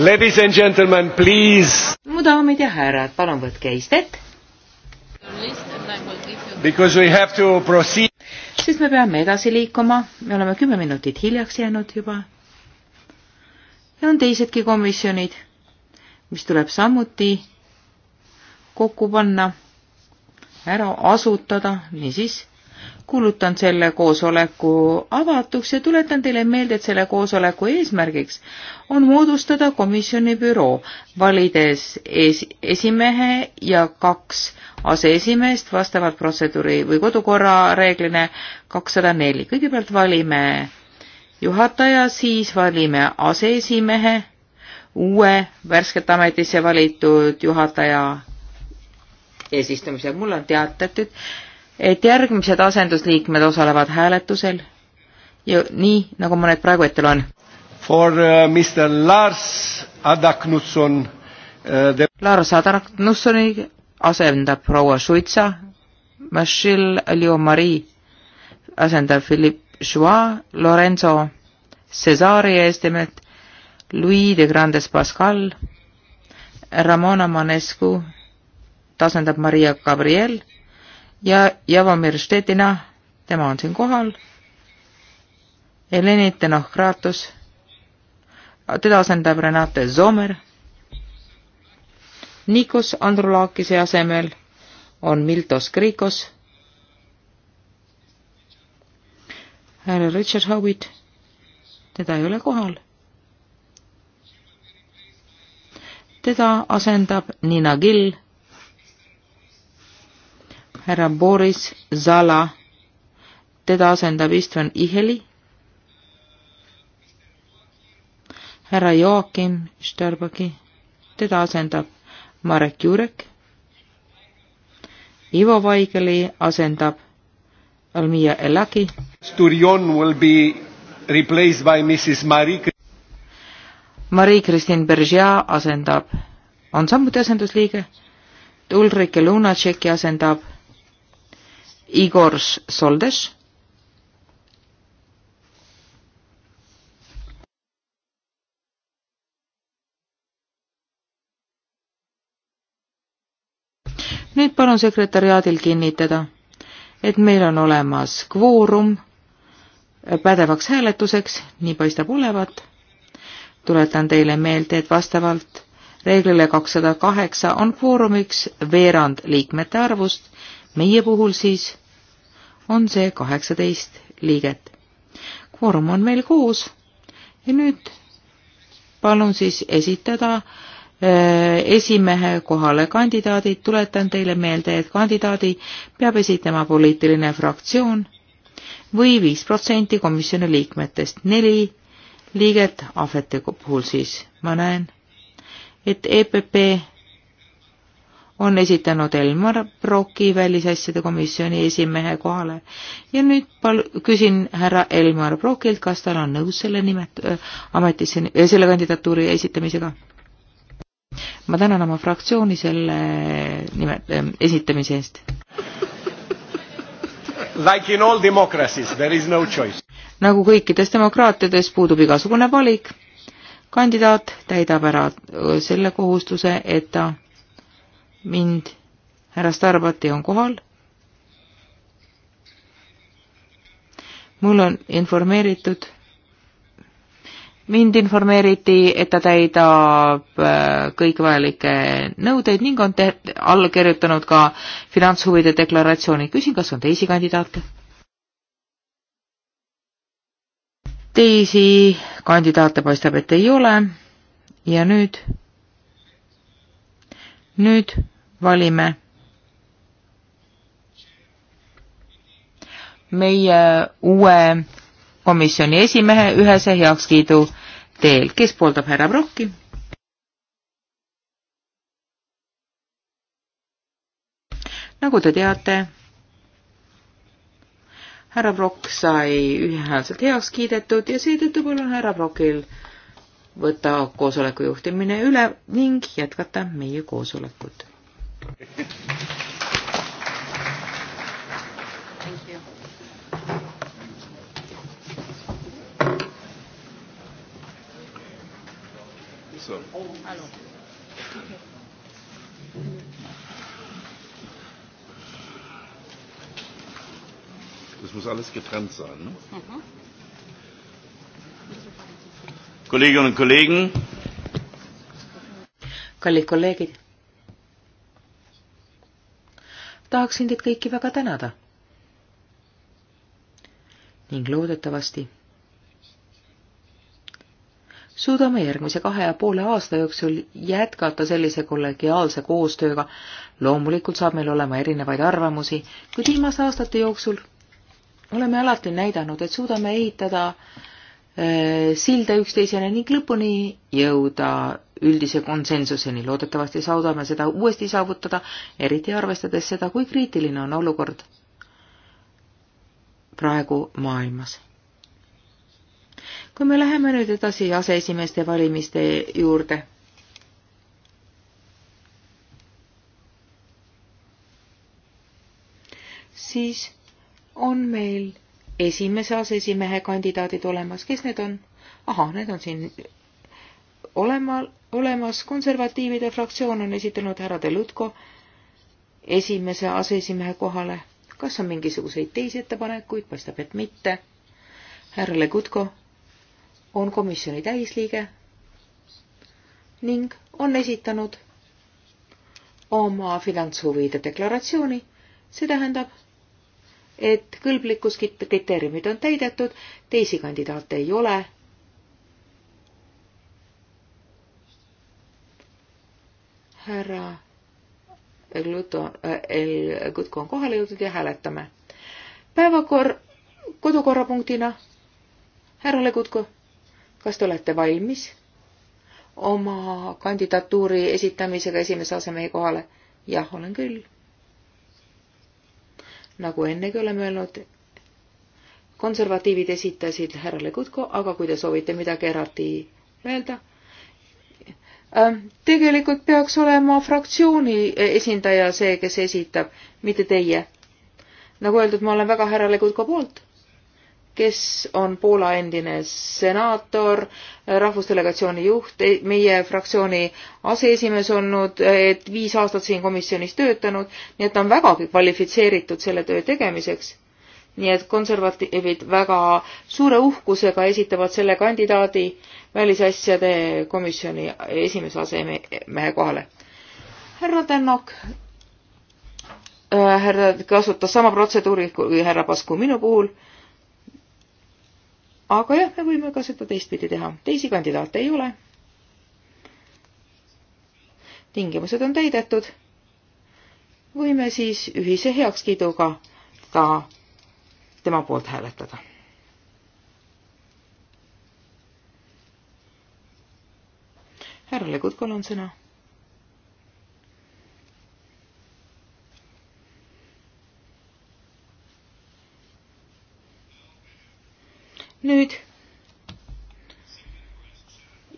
Ladies and gentlemen, please. mu daamid ja härrad, palun võtke istet. Because we have to proceed. sest me peame edasi liikuma, me oleme kümme minutit hiljaks jäänud juba. ja on teisedki komisjonid, mis tuleb samuti kokku panna, ära asutada, niisiis kuulutan selle koosoleku avatuks ja tuletan teile meelde, et selle koosoleku eesmärgiks on moodustada komisjoni büroo, valides es esimehe ja kaks aseesimeest vastavalt protseduuri või kodukorra reeglile kakssada neli. kõigepealt valime juhataja, siis valime aseesimehe, uue värskelt ametisse valitud juhataja eesistumise. mul on teatatud, et järgmised asendusliikmed osalevad hääletusel ja nii, nagu ma need praegu ette loen. For uh, Mr Lars Adaknusson uh, the.... Lars Adaknussoni asendab proua Šuitsa, Michelle Leo-Marie asendab Philippe Joa, Lorenzo Cesari eestimelt, Louis de Grandes Pascal, Ramona Manescu asendab Maria Gabriel ja Javomir Štetina, tema on siin kohal. Eleni Tenokratus, teda asendab Renate Zomer. Nikos Andrulakise asemel on Miltos Krikos. härra Richard Howitt, teda ei ole kohal. teda asendab Nina Gill härra Boris Zala, teda asendab Istvan Iheli, härra Joakim Štarbaki, teda asendab Marek Jurek, Ivo Vaigeli asendab Almija Elaki. Sturion will be replaced by Mrs Marie. Marie-Christine Berger asendab, on samuti asendusliige. Ulrike Lunatšeki asendab Igor Soldes. nüüd palun sekretäriaadil kinnitada, et meil on olemas kvoorum pädevaks hääletuseks, nii paistab olevat. tuletan teile meelde, et vastavalt reeglile kakssada kaheksa on kvoorumiks veerand liikmete arvust meie puhul siis on see kaheksateist liiget. kvoorum on meil kuus ja nüüd palun siis esitada äh, esimehe kohale kandidaadid, tuletan teile meelde, et kandidaadi peab esitama poliitiline fraktsioon või viis protsenti komisjoni liikmetest, neli liiget ahvete puhul siis. ma näen, et EPP on esitanud Elmar Broki välisasjade komisjoni esimehe kohale ja nüüd pal-, küsin härra Elmar Brokilt, kas tal on nõus selle nimet-, äh, ametisse, äh, selle kandidatuuri esitamisega? ma tänan oma fraktsiooni selle nime-, äh, esitamise eest. Like in all democracies, there is no choice. nagu kõikides demokraatiades puudub igasugune valik, kandidaat täidab ära selle kohustuse, et ta mind, härra Starbati on kohal. mul on informeeritud, mind informeeriti, et ta täidab äh, kõikvajalikke nõudeid ning on alla kirjutanud ka finantshuvide deklaratsiooni. küsin, kas on teisi kandidaate? teisi kandidaate paistab, et ei ole ja nüüd nüüd valime meie uue komisjoni esimehe ühese heakskiidu teel, kes pooldab härra Brocki. nagu te teate, härra Brock sai ühehäälselt heaks kiidetud ja seetõttu palun härra Brockil võtta koosoleku juhtimine üle ning jätkata meie koosolekut. Thank you. So. Das muss alles getrennt sein, ne? Mhm. Kolleginnen und Kollegen. kallid kolleegid. tahaksin teid kõiki väga tänada. ning loodetavasti suudame järgmise kahe ja poole aasta jooksul jätkata sellise kollegiaalse koostööga. loomulikult saab meil olema erinevaid arvamusi, kuid viimaste aastate jooksul oleme alati näidanud, et suudame ehitada Äh, silda üksteisele ning lõpuni jõuda üldise konsensuseni. loodetavasti saadame seda uuesti saavutada, eriti arvestades seda, kui kriitiline on olukord praegu maailmas. kui me läheme nüüd edasi aseesimeeste valimiste juurde siis on meil esimese aseesimehe kandidaadid olemas, kes need on? ahah, need on siin olema, olemas, konservatiivide fraktsioon on esitanud härra Delutko esimese aseesimehe kohale. kas on mingisuguseid teisi ettepanekuid, paistab, et mitte. härra Legutko on komisjoni täisliige ning on esitanud oma finantshuvide deklaratsiooni, see tähendab et kõlblikkuskriteeriumid on täidetud, teisi kandidaate ei ole. härra Gluto, äh, El Gutko on kohale jõudnud ja hääletame. päevakor-, kodukorrapunktina. härra Le Gutko, kas te olete valmis oma kandidatuuri esitamisega esimese asemehe kohale? jah, olen küll nagu ennegi oleme öelnud, konservatiivid esitasid härra Legutko, aga kui te soovite midagi eraldi öelda, ähm, tegelikult peaks olema fraktsiooni esindaja see, kes esitab, mitte teie. nagu öeldud, ma olen väga härra Legutko poolt kes on Poola endine senaator, rahvusdelegatsiooni juht, e-, meie fraktsiooni aseesimees olnud, et viis aastat siin komisjonis töötanud, nii et ta on vägagi kvalifitseeritud selle töö tegemiseks. nii et konservatiivid väga suure uhkusega esitavad selle kandidaadi välisasjade komisjoni esimese asemehe kohale. härra Tänak äh, härra kasutas sama protseduuri kui härra Pasku minu puhul aga jah, me võime ka seda teistpidi teha. teisi kandidaate ei ole. tingimused on täidetud. võime siis ühise heakskiiduga ta, tema poolt hääletada. härra Legutko on sõna nüüd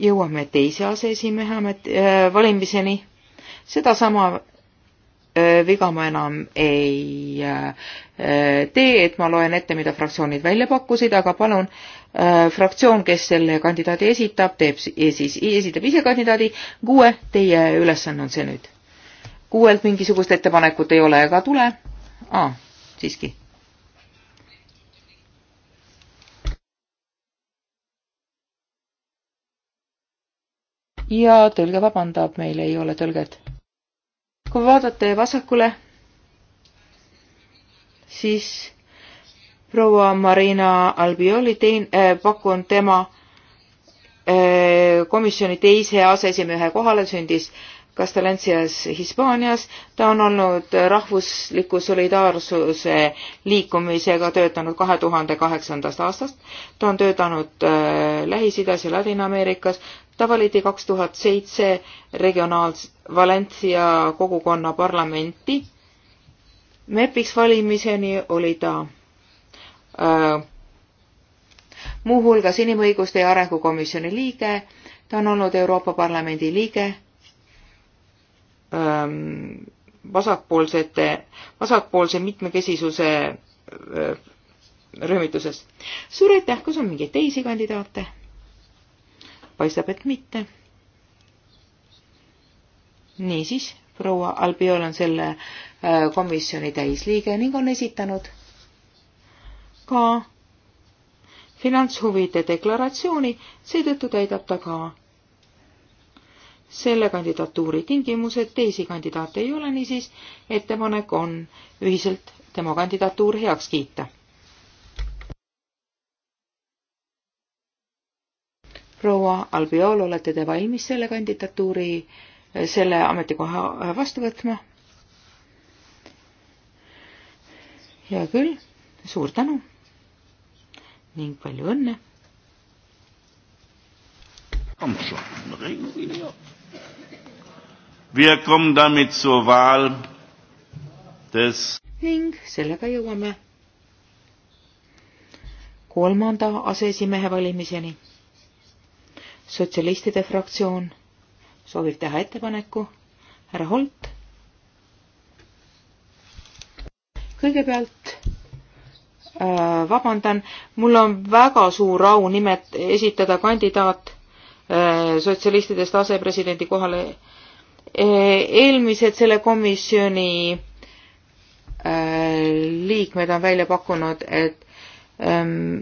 jõuame teise aseesimehe amet- äh,, valimiseni. sedasama äh, viga ma enam ei äh, äh, tee, et ma loen ette, mida fraktsioonid välja pakkusid, aga palun äh, fraktsioon, kes selle kandidaadi esitab, teeb siis, esitab ise kandidaadi. kuue, teie ülesanne on see nüüd. kuuelt mingisugust ettepanekut ei ole ega tule ah,. siiski ja tõlge vabandab, meil ei ole tõlget. kui vaadate vasakule, siis proua Marina Albioli tein- äh,, pakun tema äh, komisjoni teise aseesimehe kohale, sündis Castellancias Hispaanias. ta on olnud rahvusliku solidaarsuse liikumisega töötanud kahe tuhande kaheksandast aastast. ta on töötanud äh, Lähis-Idas ja Ladina-Ameerikas, Tavaliidi kaks tuhat seitse regionaals-, Valencia kogukonna parlamenti. MEP-iks valimiseni oli ta äh, muuhulgas inimõiguste ja arengukomisjoni liige, ta on olnud Euroopa Parlamendi liige ähm, vasakpoolsete, vasakpoolse mitmekesisuse äh, rühmituses. suur aitäh, kas on mingeid teisi kandidaate? paistab, et mitte. niisiis, proua Albiol on selle äh, komisjoni täisliige ning on esitanud ka finantshuvide deklaratsiooni, seetõttu täidab ta ka selle kandidatuuri tingimused, teisi kandidaate ei ole, niisiis ettepanek on ühiselt tema kandidatuur heaks kiita proua Albiol, olete te valmis selle kandidatuuri, eh, selle ametikoha eh, vastu võtma? hea küll, suur tänu ning palju õnne. Des... ning sellega jõuame kolmanda aseesimehe valimiseni sotsialistide fraktsioon soovib teha ettepaneku. härra Holt. kõigepealt äh, vabandan, mul on väga suur au nimet-, esitada kandidaat äh, sotsialistidest asepresidendi kohale e. eelmised selle komisjoni äh, liikmed on välja pakkunud, et ähm,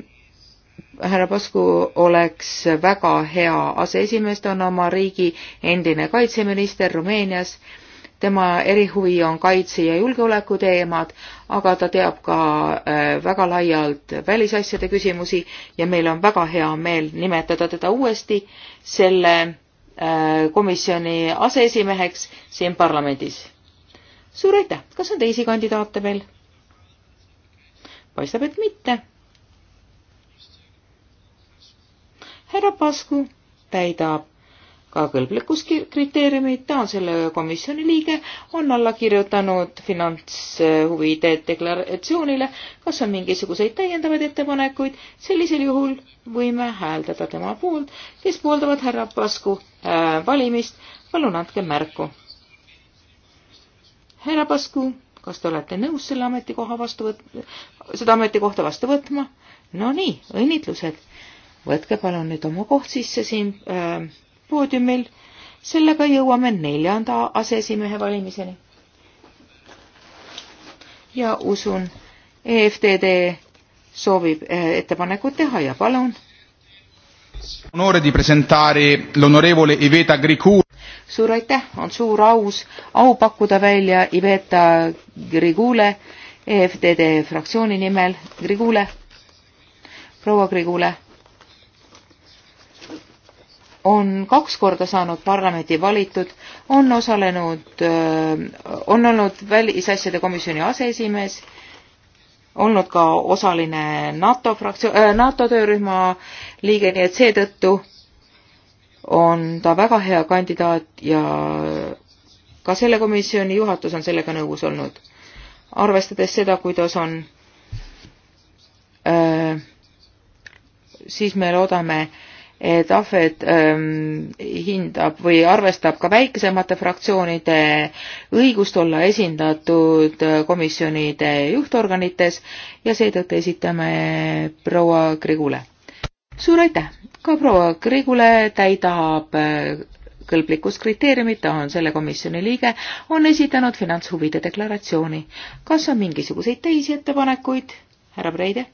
härra Pasku oleks väga hea aseesimees, ta on oma riigi endine kaitseminister Rumeenias. tema erihuvi on kaitse ja julgeoleku teemad, aga ta teab ka äh, väga laialt välisasjade küsimusi ja meil on väga hea meel nimetada teda uuesti selle äh, komisjoni aseesimeheks siin parlamendis. suur aitäh, kas on teisi kandidaate veel? paistab, et mitte härra Pasku täidab ka kõlblikkuskriteeriumid, ta on selle komisjoni liige, on alla kirjutanud finantshuvide deklaratsioonile, kas on mingisuguseid täiendavaid ettepanekuid, sellisel juhul võime hääldada tema poolt, kes pooldavad härra Pasku äh, valimist, palun andke märku. härra Pasku, kas te olete nõus selle ametikoha vastu võt-, seda ametikohta vastu võtma? Nonii, õnnitlused võtke palun nüüd oma koht sisse siin äh, poodiumil. sellega jõuame neljanda aseesimehe valimiseni. ja usun, EFTD soovib äh, ettepanekut teha ja palun. Onore di presentare l'onorevole Iveta Grigou. suur aitäh, on suur aus, au pakkuda välja Iveta Grigule EFTD fraktsiooni nimel. Grigule, proua Grigule on kaks korda saanud parlamendi valitud, on osalenud, on olnud välisasjade komisjoni aseesimees, olnud ka osaline NATO fraktsioon, NATO töörühma liige, nii et seetõttu on ta väga hea kandidaat ja ka selle komisjoni juhatus on sellega nõus olnud. arvestades seda, kuidas on, siis me loodame äh, et Ahved ähm, hindab või arvestab ka väikesemate fraktsioonide õigust olla esindatud äh, komisjonide juhtorganites ja seetõttu esitame proua Grigule. suur aitäh! ka proua Grigule täidab äh, kõlblikkuskriteeriumid, ta on selle komisjoni liige, on esitanud finantshuvide deklaratsiooni. kas on mingisuguseid teisi ettepanekuid, härra Breide?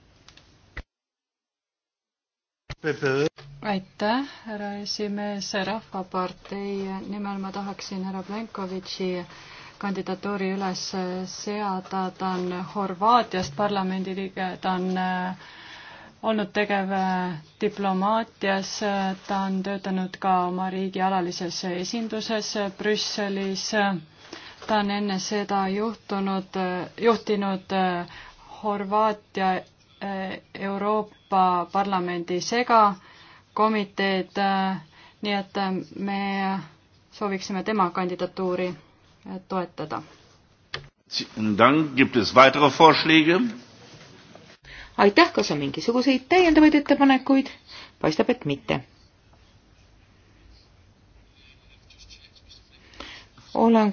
aitäh, härra esimees, Rahvapartei nimel ma tahaksin härra Plenkovitši kandidatuuri üles seada, ta on Horvaatiast parlamendi liige, ta on äh, olnud tegev äh, diplomaatias, ta on töötanud ka oma riigi alalises esinduses Brüsselis ta on enne seda juhtunud, juhtinud äh, Horvaatia Euroopa Parlamendi segakomiteed, nii et me sooviksime tema kandidatuuri toetada. aitäh, kas on mingisuguseid täiendavaid ettepanekuid? paistab, et mitte. olen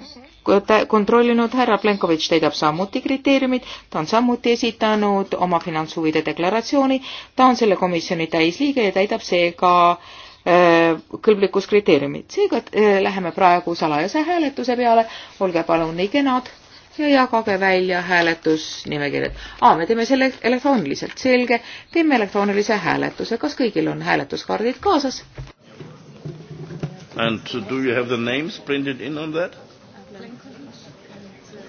kontrollinud härra Plenkovitš täidab samuti kriteeriumid, ta on samuti esitanud oma finantshuvide deklaratsiooni, ta on selle komisjoni täisliige ja täidab seega äh, kõlblikkuskriteeriumid. seega äh, läheme praegu salajase hääletuse peale, olge palun nii kenad ja jagage välja hääletusnimekirjad. aa, me teeme selle elektrooniliselt, selge, teeme elektroonilise hääletuse, kas kõigil on hääletuskaardid kaasas? And do you have the names printed in on that?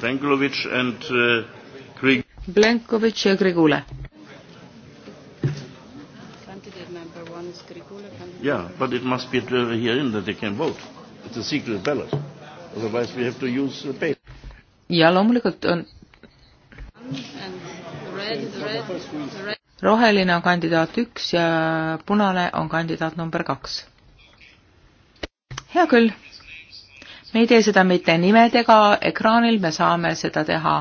Plenković and uh, Grig. Plenković ja Grigule. Yeah, but it must be herein that they can vote. It's a secret ballot. Otherwise we have to use the paper. ja loomulikult on roheline on kandidaat üks ja punane on kandidaat number kaks. hea küll me ei tee seda mitte nimedega ekraanil, me saame seda teha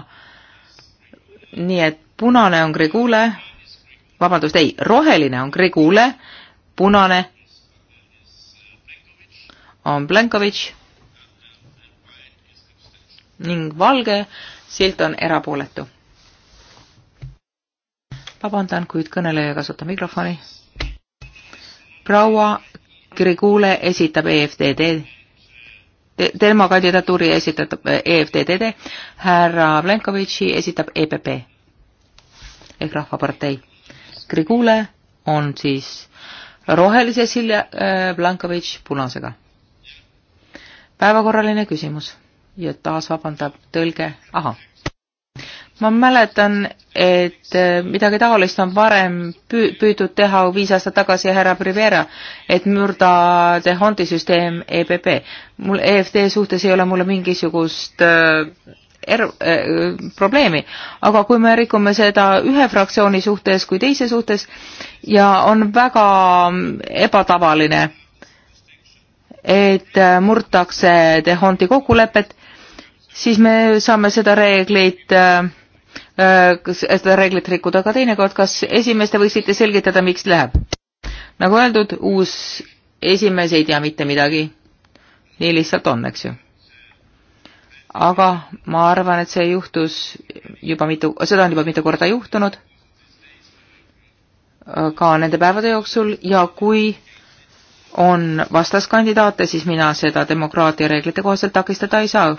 nii, et punane on Grigule, vabandust, ei, roheline on Grigule, punane on Plenkovitš ning valge silt on erapooletu. vabandan, kuid kõneleja ei kasuta mikrofoni. proua Grigule esitab EFTD tema kandidatuuri esitatab äh, EFTDD, härra Plenkovitši esitab EPP ehk Rahvapartei. Grigule on siis rohelise Silja Blankovitš äh, punasega. päevakorraline küsimus ja taas vabandab tõlge, ahah ma mäletan, et äh, midagi taolist on varem püü-, püüdud teha viis aastat tagasi härra Rivera, et mürda de Hondi süsteem EBB. mul EFD suhtes ei ole mulle mingisugust äh, er- äh,, probleemi, aga kui me rikume seda ühe fraktsiooni suhtes kui teise suhtes ja on väga mm, ebatavaline, et äh, murtakse de Hondi kokkulepet, siis me saame seda reeglit äh, Äh, seda reeglit rikkuda, aga teinekord, kas esimees te võiksite selgitada, miks läheb? nagu öeldud, uus esimees ei tea mitte midagi. nii lihtsalt on, eks ju. aga ma arvan, et see juhtus juba mitu, seda on juba mitu korda juhtunud äh, ka nende päevade jooksul ja kui on vastaskandidaate, siis mina seda demokraatia reeglite kohaselt takistada ei saa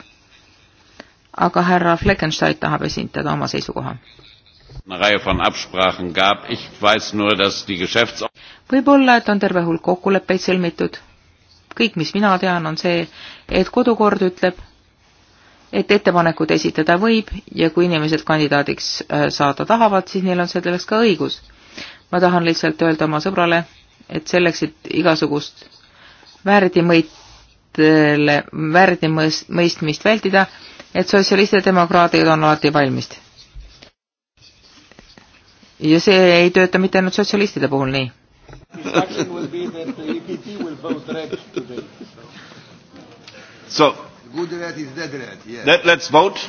aga härra Fleckenstein tahab esindada oma seisukoha. võib-olla, et on terve hulk kokkuleppeid sõlmitud. kõik, mis mina tean, on see, et kodukord ütleb, et ettepanekud esitada võib ja kui inimesed kandidaadiks äh, saada tahavad, siis neil on selleks ka õigus. ma tahan lihtsalt öelda oma sõbrale, et selleks, et igasugust väärdimõistmist äh, vältida, et sotsialistid ja demokraadid on alati valmis. ja see ei tööta mitte ainult sotsialistide puhul nii. So, let, let's vote.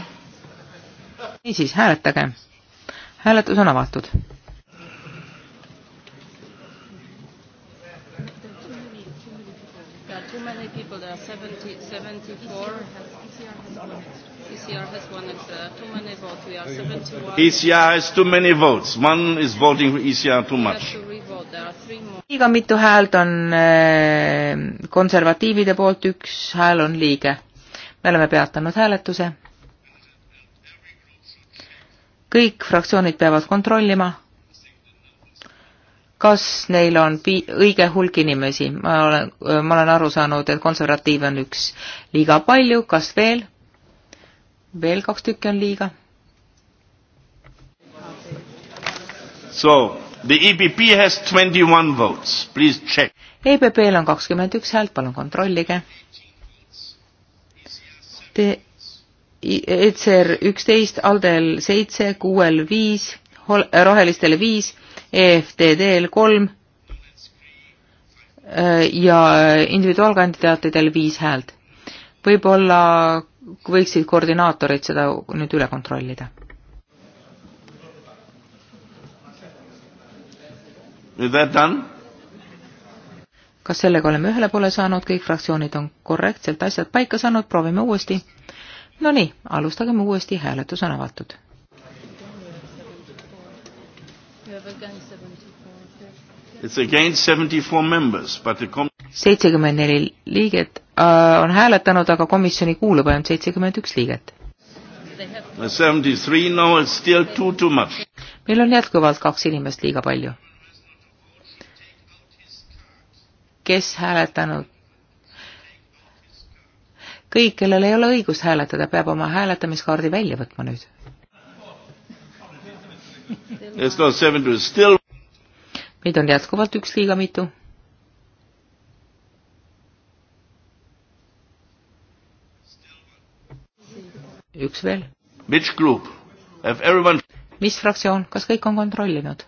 niisiis, hääletage. hääletus on avatud people. There are 70, 74 ECR has one extra, too many votes. We are 71. ECR has too many votes. One is voting for ECR too much. liiga mitu häält on äh, konservatiivide poolt, üks hääl on liige. me oleme peatanud hääletuse. kõik fraktsioonid peavad kontrollima, kas neil on pi-, õige hulk inimesi. ma olen, ma olen aru saanud, et konservatiive on üks liiga palju, kas veel? veel kaks tükki on liiga. So the EPP has twenty one votes, please check. EPP-l on kakskümmend üks häält, palun kontrollige. Te ECR üksteist, Aldel seitse, QL viis, rohelistele viis, EFTD-l kolm äh, ja individuaalkandidaatidel viis häält. võib-olla võiksid koordinaatorid seda nüüd üle kontrollida? kas sellega oleme ühele poole saanud, kõik fraktsioonid on korrektselt asjad paika saanud, proovime uuesti. Nonii, alustagem uuesti, hääletus on avatud. seitsekümmend neli liiget Äh, on hääletanud, aga komisjoni kuulub ainult seitsekümmend üks liiget. meil on jätkuvalt kaks inimest liiga palju. kes hääletanud? kõik, kellel ei ole õigust hääletada, peab oma hääletamiskaardi välja võtma nüüd. meid on jätkuvalt üks liiga mitu üks veel. Which group? Have everyone mis fraktsioon, kas kõik on kontrollinud?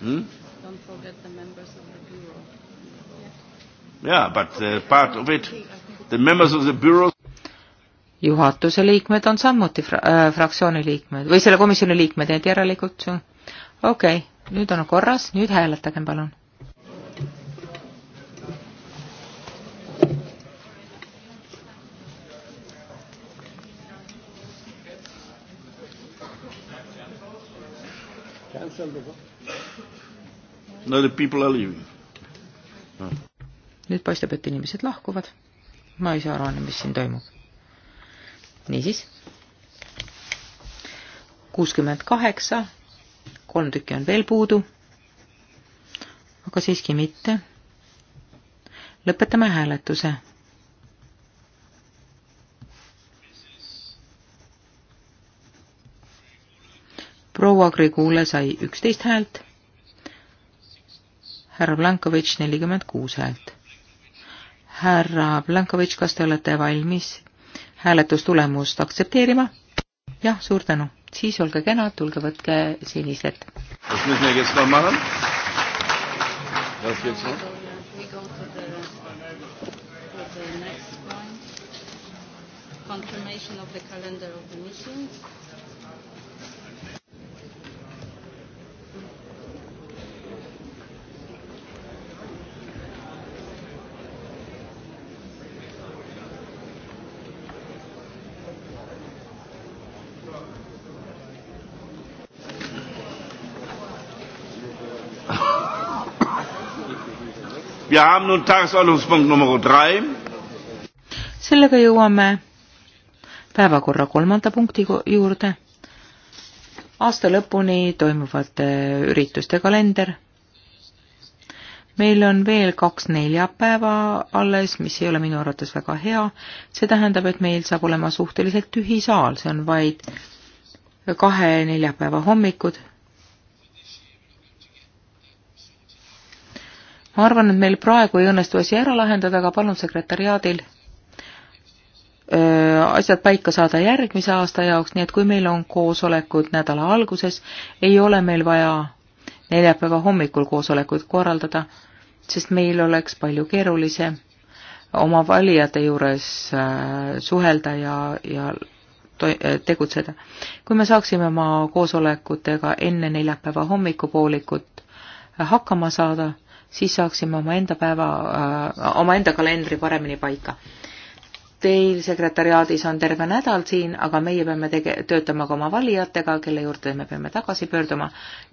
Hmm? Don't forget the members of the bureau. Yeah, but uh, part of it, the members of the bureau. juhatuse liikmed on samuti fra äh, fraktsiooni liikmed või selle komisjoni liikmed, et järelikult see on. okei okay,, nüüd on korras, nüüd hääletagem palun Now the people are leaving no.. nüüd paistab, et inimesed lahkuvad. ma ei saa aru, mis siin toimub. niisiis. kuuskümmend kaheksa, kolm tükki on veel puudu. aga siiski mitte. lõpetame hääletuse proua Grigule sai üksteist häält härra Blankovitš nelikümmend kuus häält. härra Blankovitš, kas te olete valmis hääletustulemust aktsepteerima? jah, suur tänu. siis olge kenad, tulge võtke sinised. kas nüüd me kes ka maha? kas kes on? confirmation of the calendar of the meetings. Wir haben nun Tagesordnungspunkt Nummer 3. Sellega jõuame päevakorra kolmanda punkti juurde. Aasta lõpuni toimuvate ürituste kalender. Meil on veel kaks neljapäeva alles, mis ei ole minu arvates väga hea. See tähendab, et meil saab olema suhteliselt tühi saal. See on vaid kahe neljapäeva hommikud, ma arvan, et meil praegu ei õnnestu asi ära lahendada, aga palun sekretäriaadil asjad paika saada järgmise aasta jaoks, nii et kui meil on koosolekud nädala alguses, ei ole meil vaja neljapäeva hommikul koosolekuid korraldada, sest meil oleks palju keerulisem oma valijate juures suhelda ja, ja tegutseda. kui me saaksime oma koosolekutega enne neljapäeva hommikupoolikut hakkama saada, siis saaksime omaenda päeva, äh, omaenda kalendri paremini paika. Teil sekretäriaadis on terve nädal siin, aga meie peame tege-, töötama ka oma valijatega, kelle juurde me peame tagasi pöörduma,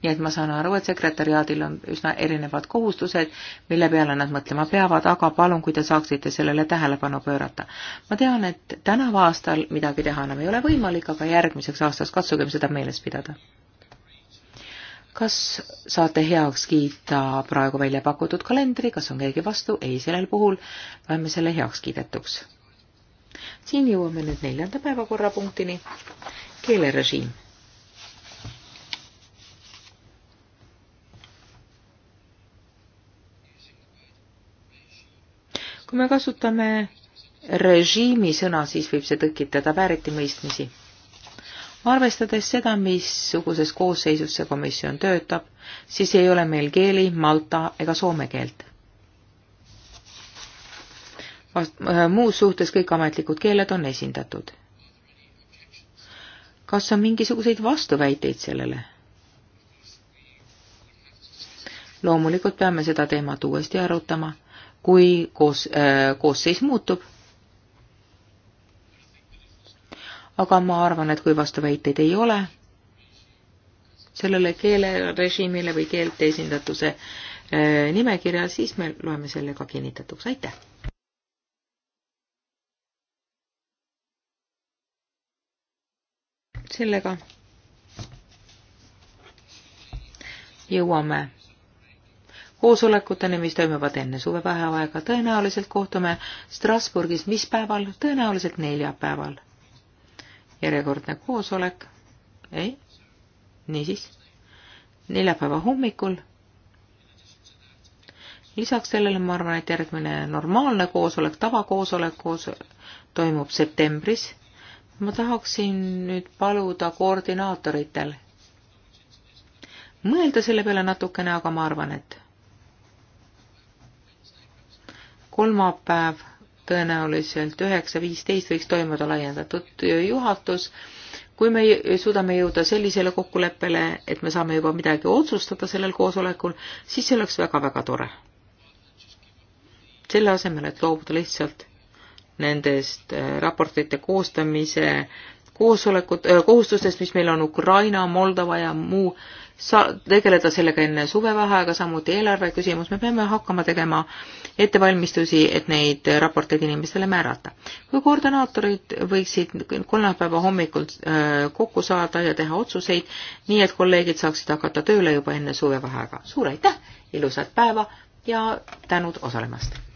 nii et ma saan aru, et sekretäriaadil on üsna erinevad kohustused, mille peale nad mõtlema peavad, aga palun, kui te saaksite sellele tähelepanu pöörata. ma tean, et tänavu aastal midagi teha enam ei ole võimalik, aga järgmiseks aastaks katsugem seda meeles pidada kas saate heaks kiita praegu välja pakutud kalendri, kas on keegi vastu? ei, sellel puhul loeme selle heaks kiidetuks. siin jõuame nüüd neljanda päevakorrapunktini, keelerežiim. kui me kasutame režiimi sõna, siis võib see tekitada vääritimõistmisi arvestades seda, missuguses koosseisus see komisjon töötab, siis ei ole meil keeli malta ega soome keelt. Äh, muus suhtes kõik ametlikud keeled on esindatud. kas on mingisuguseid vastuväiteid sellele? loomulikult peame seda teemat uuesti arutama, kui koos äh,, koosseis muutub aga ma arvan, et kui vastuväiteid ei ole sellele keelerežiimile või keelte esindatuse äh, nimekirja, siis me loeme selle ka kinnitatuks, aitäh! sellega jõuame koosolekuteni, mis toimuvad enne suvevaheaega, tõenäoliselt kohtume Strasburgis, mis päeval, tõenäoliselt neljapäeval järjekordne koosolek, ei, niisiis, neljapäeva hommikul. lisaks sellele ma arvan, et järgmine normaalne koosolek, tavakoosolek koos toimub septembris. ma tahaksin nüüd paluda koordinaatoritel mõelda selle peale natukene, aga ma arvan, et kolmapäev tõenäoliselt üheksa viisteist võiks toimuda laiendatud juhatus. kui me suudame jõuda sellisele kokkuleppele, et me saame juba midagi otsustada sellel koosolekul, siis see oleks väga-väga tore. selle asemel, et loobuda lihtsalt nendest äh, raportite koostamise koosolekut, äh, kohustustest, mis meil on Ukraina, Moldova ja muu, sa-, tegeleda sellega enne suvevaheaega, samuti eelarve küsimus, me peame hakkama tegema ettevalmistusi, et neid raporteid inimestele määrata. kui koordinaatorid võiksid kolmapäeva hommikul äh, kokku saada ja teha otsuseid, nii et kolleegid saaksid hakata tööle juba enne suvevaheaega. suur aitäh, ilusat päeva ja tänud osalemast!